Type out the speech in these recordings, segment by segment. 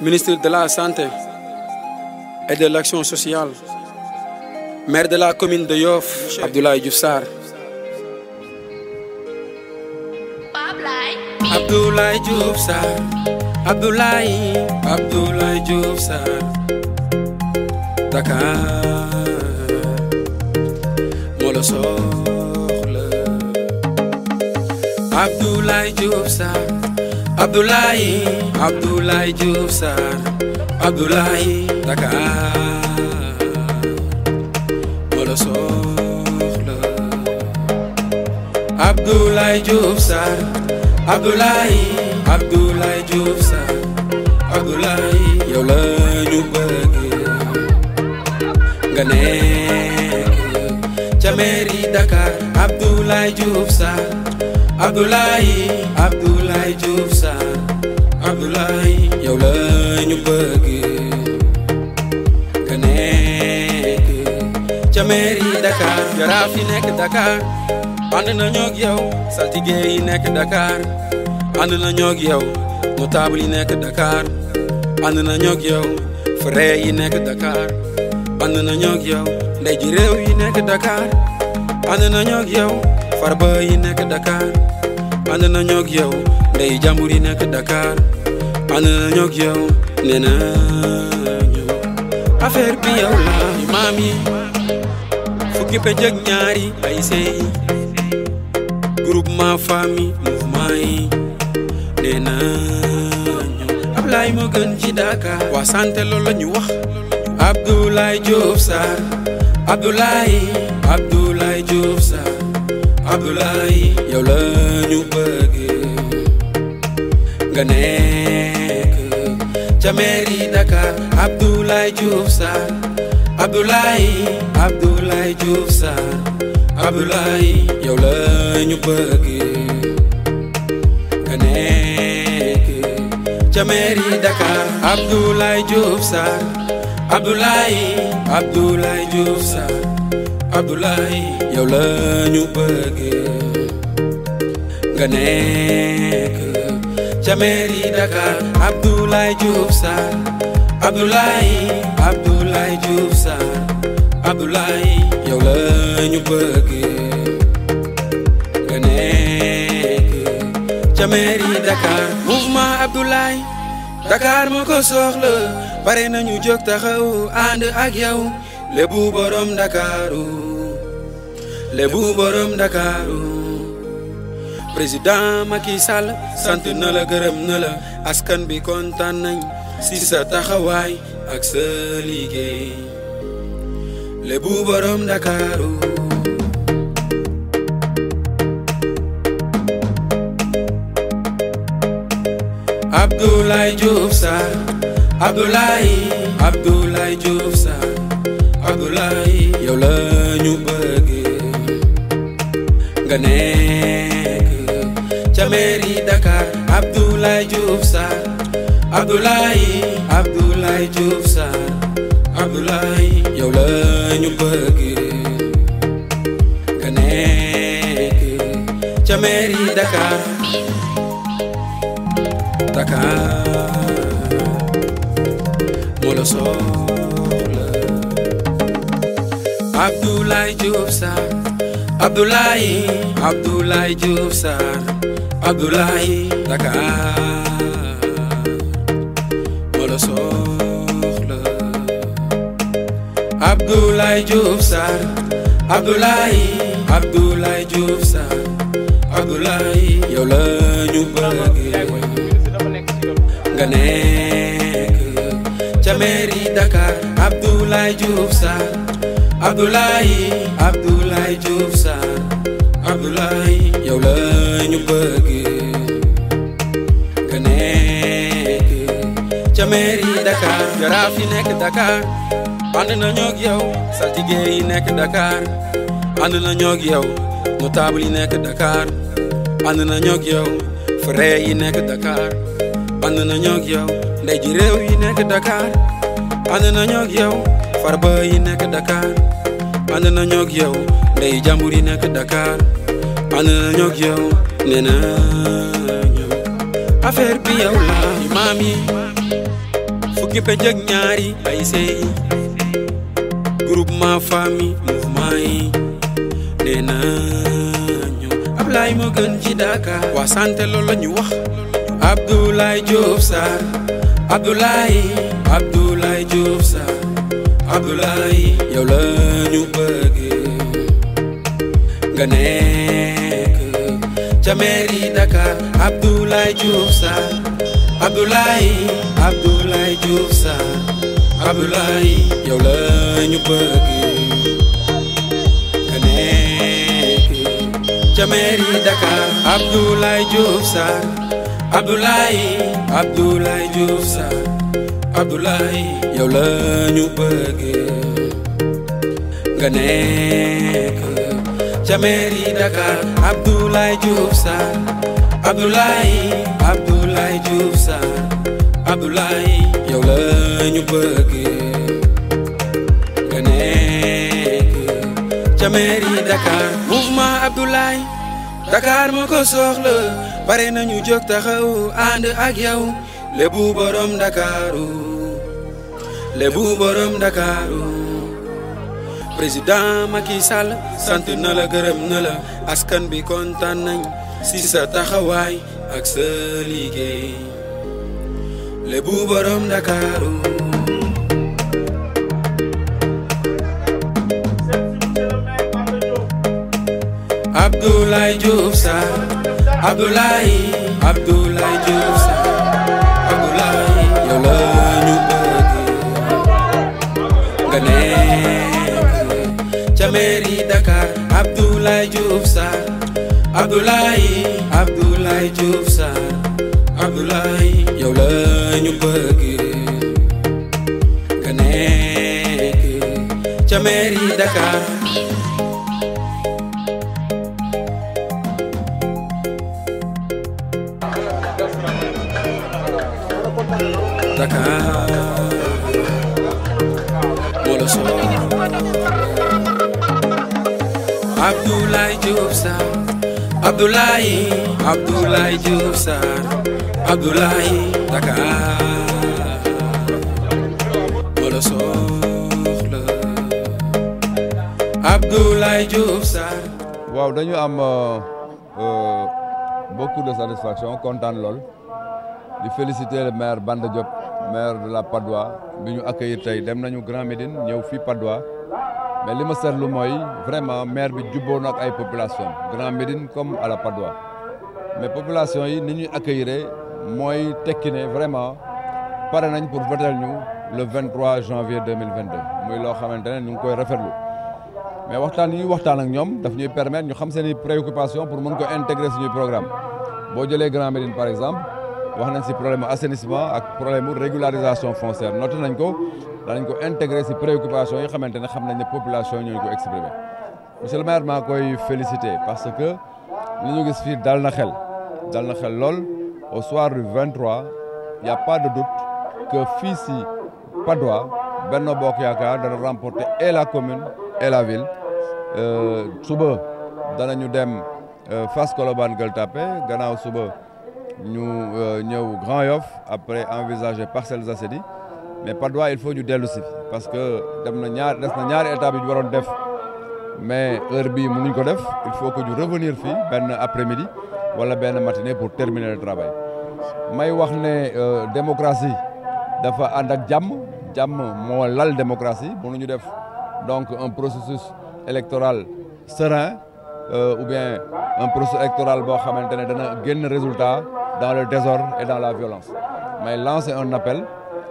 ministre de la santé et de l'action sociale maire de la commune de Yoff Abdoulaye Diouf Sarr Abdoulaye Diouf Sarr Abdoulaye Abdoulaye Abdoulaye Diouf Sarr Abdoulaye Dakar wala soxla Abdoulaye Diouf Sarr Abdoulaye Abdoulaye Diouf Sarr Abdoulaye yow la ñu Abdoulaye Abdoulaye Diouf Sarr Abdoulaye yow bëgg nga nekk ca mairie Dakar jaraaf yi nekk Dakar ànd nañoo ak yow saltige yi nekk Dakar ànd nañoo ak yow notable yi nekk Dakar ànd nañoo ak yow frère yi nekk Dakar ànd nañoo ak yow ndey ji réew yi Dakar ànd nañoo ak yow. Farba yi nekk Dakar ànd na ñoog yow ndey jàmbur yi nekk Dakar ànd na ñoog yow nee na ñu affaire bi yow la maam yi fukki pe jëg ñaari ay sey groupement famille mouvement yi nee na ñu Ablaye moo gën ci Dakar waa sant loolu la wax Abdoulaye Diouf Sarr Abdoulaye Abdoulaye Abdoulaye yow la ñu bëgg nga ca mairie Dakar Abdoulaye Diouf Sarr Abdoulaye Abdoulaye Diouf Sarr Abdoulaye ñu bëgg nga ca mairie Dakar Abdoulaye Diouf Sarr Abdoulaye Abdoulaye Abdoulaye yow la ñu bëgg nga nekk ca mairie Dakar Abdoulaye Diouf Sarr Abdoulaye Abdoulaye Diouf Sarr Abdoulaye yow la nga nekk ca mairie Dakar mouvement Abdoulaye Dakar moo ko bare nañu jóg taxaw ànd ak yow lebu borom Ndakaaru lebu borom Ndakaaru président Macky Sall sant nala la gërëm askan bi kontaan nañ si sa taxawaay ak sa liggéey lebu borom Ndakaaru Abdoulaye Diouf Abdoulaye yow la ñu bëgg nga nekk ca mairie Dakar Abdoulaye Diouf Sarr Abdoulaye Abdoulaye Diouf Sarr la ñu bëgg nga nekk ca mairie Dakar Dakar moo Abdoulaye Diouf Sarr Abdoulaye Abdoulaye soxla Abdoulaye Diouf la ñu bëgg nga nekk ca mairie Dakar Abdoulaye Diouf Abdoulaye Abdoulaye Diouf Sarr Abdoulaye la ñu bëgg nga nekk Dakar jaraaf yi nekk Dakar ànd nañoo ak yow saltige yi nekk Dakar ànd nañoo ak yow notable yi nekk Dakar ànd nañoo ak yow frère yi Dakar ànd nañoo ak yow ndey ji réew yi Dakar ànd nañoo ak farba yi nekk Dakar ànd na ñoog yow ndey jàmbur yi nekk Dakar ànd na ñoog yow nee na ñoom affaire bi yow la maam yi fukki pej ak ñaari ay sey groupement famille mouvement yi nee na ñoom Ablaye moo gën ci Dakar waa sant loolu la ñu wax Abdoulaye Diop Sarr Abdoulaye Abdoulaye Abdoulaye yow la ñu bëgg nga nekk ca mairie Dakar Abdoulaye Diouf Sarr Abdoulaye Abdoulaye Diouf Sarr Abdoulaye yow ca mairie Dakar Abdoulaye Diouf Sarr Abdoulaye Abdoulaye Abdoulaye yow la ñu bëgg nga nekk ca mairie Dakar Abdoulaye Diouf Sarr Abdoulaye Abdoulaye Diouf Sarr Abdoulaye yow nga nekk ca mairie Dakar mouvement Abdoulaye Dakar moo bare nañu jóg taxaw ànd ak yow lébu borom Dakaru Lébu borom Ndakaaru président Macky Sall sant nala la gërëm askan bi kontaan nañ si sa taxawaay ak sa liggéey Lébu borom Ndakaaru Abdoulaye Diouf Sarr Abdoulaye Abdou nekk ca mairie Dakar Abdoulaye Diouf Sarr Abdoulaye Abdoulaye Diouf Sarr ñu bëgg nga nekk ca mairie Dakar. Dakar. Tosuma Abdoulaye Diouf Sarr waaw dañu am euh, euh, beaucoup de satisfaction kontaan lool di féliciter le maire Banda maire de la Patte bi ñu accueillir tey dem nañu Grand Médine ñëw fii Patte mais li ma seetlu mooy vraiment maire bi jubboo na ay population Grand Médine comme à la Patte mais population yi ni ñuy accueillir mooy tekki ne vraiment pare nañ pour voter ñu le 23 janvier 2022 muy loo xamante ne ñu ngi koy rafetlu mais waxtaan yi ñuy waxtaan ak ñoom daf ñuy permettre ñu xam seen i préoccupation pour mën ko intégrer suñuy programme boo jëlee Grand Médine par exemple wax nañ si problème assainissement ak problème régularisation foncière noté nañ ko danañ ko intégré si préoccupation yi xamante ne xam nañ ne population ñooñu ko exprimé monsieur le maire koy félicité parce que li ñu gis fii dal na xel dal na xel lool au soir du 23 y' a pas de doute que fii si Padoa benn Bokk Yaakaar dana remporter et la commune et la ville euh, suba danañu dem euh, fas Colobane Gueule Tapée gannaaw suba. ñu euh, ñëw Grand Yoff après envisager Parcelles Assainies mais Patte d'Oie il ñu dellu si parce que dem na ñaar des na ñaari étapes bi ñu waroon def mais heure bii mënuñ ko def il faut que ñu revenir fii benn après-midi wala benn matinée pour terminer le may wax ne euh, démocratie dafa ànd ak jàmm jàmm moo lal démocratie mënuñu def donc un processus électoral serein euh, ou bien un processus boo xamante ne dana génn résultat dans le désordre et dans la violence may lancer un appel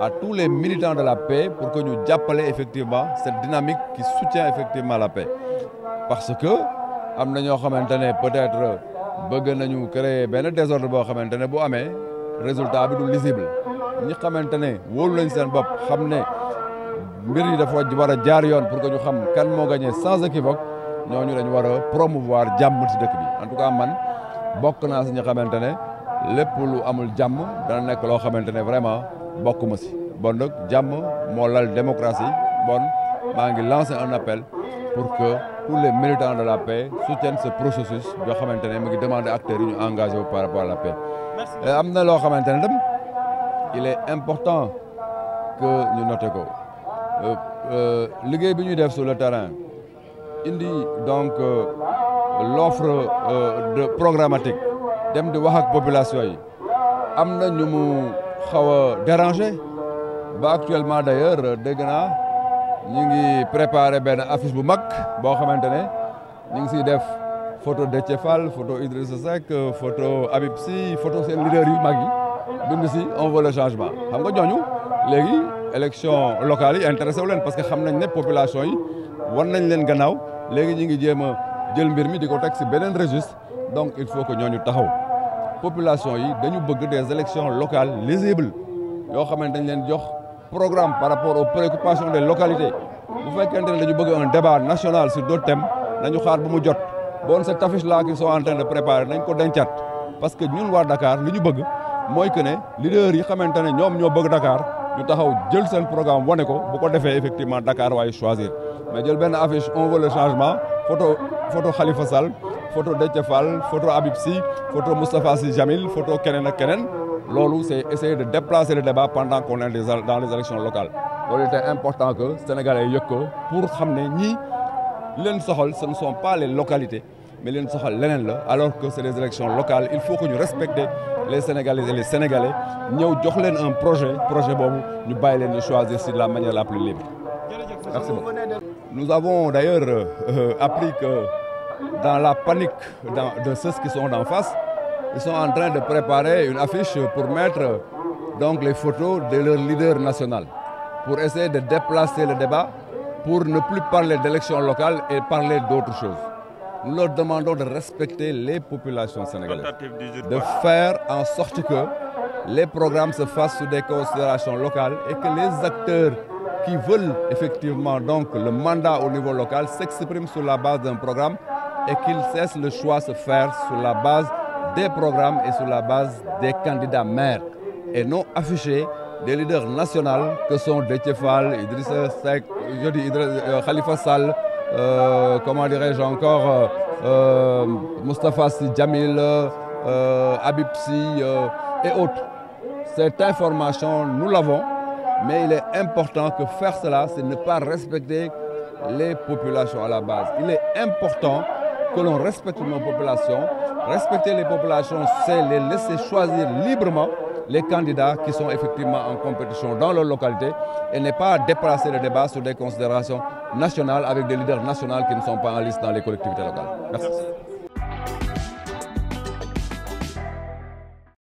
à tous les militants de la paix pour que ñu jàppale effectivement cette dynamique qui soutient effectivement la paix parce que am na ñoo xamante ne peut-être bëgg nañu créer benn désordre boo xamante ne bu amee résultat bi du lisible ñi xamante ne wóolu lañ seen bopp xam ne mbir yi dafa war a jaar yoon pour que ñu xam kan moo gagné sans équivoque ñooñu dañu war a promouvoir jàmm ci dëkk bi en tout man xamante ne lépp lu amul jàmm dana nekk loo xamante ne vraiment bokkuma si bon nag jàmm moo lal démocratie bon maa ngi lancer un appel pour que tous les militants de la paix soutiennent ce processus yoo xamante ne mu ngi demander acteurs yi ñu engagé par rapport à la paix. Euh, am na loo xamante ne tam il est important que ñu noté ko euh, euh, liggéey bi ñuy def sur le terrain indi donc l'offre de programmatique. dem di wax ak population yi am na ñu mu xaw a déranger ba actuellement d'ailleurs euh, dégg naa ñu ngi préparer benn affiche bu mag boo xamante ne ñu ngi siy def photo Déthié Fall photo sa Seck euh, photo Habib Sy photo seen leader yu mag yi bind si on veut le changement xam nga ñooñu léegi élection locale yi intéressé wuleen parce que xam nañ ne population yi war nañ leen gannaaw léegi ñu ngi jéem a jël mbir mi di ko teg si beneen registre donc il faut que ñooñu taxaw population yi dañu bëgg des élections locales lisibles yoo xam ne dañ leen jox programme par rapport aux préoccupations des localités bu fekkente ne dañu bëgg un débat national sur d'autres thèmes nañu xaar bu mu jot bon cette affiche là qu'ils sont en train de préparer nañ ko dencaat parce que ñun waa Dakar li ñu bëgg mooy que ne leaders yi xamante ne ñoom ñoo bëgg Dakar ñu taxaw jël seen programme wane ko bu ko defee effectivement dakaar waaye choisir mais jël benn affiche on veut le changement photo photo photo Déthié Fall photo Habib Sy photo Moustapha Sy Jamil photo keneen ak keneen loolu c'est essayer de déplacer le débat pendant qu'on est dans les élections locales loolu était important que sénégalais yëg ko pour xam ne ñii leen soxal ce ne sont pas les localités mais leen soxal leneen la alors que c'est les élections locales il faut que ñu respecter les sénégalais et les sénégalais ñëw jox leen un projet projet boobu ñu bàyyi leen ñu choisir si de la manière la plus libre dans la panique dans, de ceux qui sont en face, ils sont en train de préparer une affiche pour mettre donc, les photos de leur leader national, pour essayer de déplacer le débat, pour ne plus parler d'élections locales et parler d'autres choses. Nous leur demandons de respecter les populations sénégalaises, de faire en sorte que les programmes se fassent sous des considérations locales et que les acteurs qui veulent effectivement donc le mandat au niveau local sur la base d'un programme et quil cessent le choix se faire sur la base des programmes et sur la base des candidats maires et non affichés des leaders nationaux que sont Déthiéfal, Idrissa Seck, je dis euh, Khalifa Sall, euh, comment dirais-je encore, euh, euh Moustapha Sy Djamil, euh, euh, et autres. Cette information, nous l'avons, mais il est important que faire cela, c'est ne pas respecter les populations à la base. Il est important que l'on respecte nos populations. Respecter les populations, c'est les laisser choisir librement les candidats qui sont effectivement en compétition dans leur localité et ne pas déplacer le débat sur des considérations nationales avec des leaders nationaux qui ne sont pas en liste dans les collectivités locales.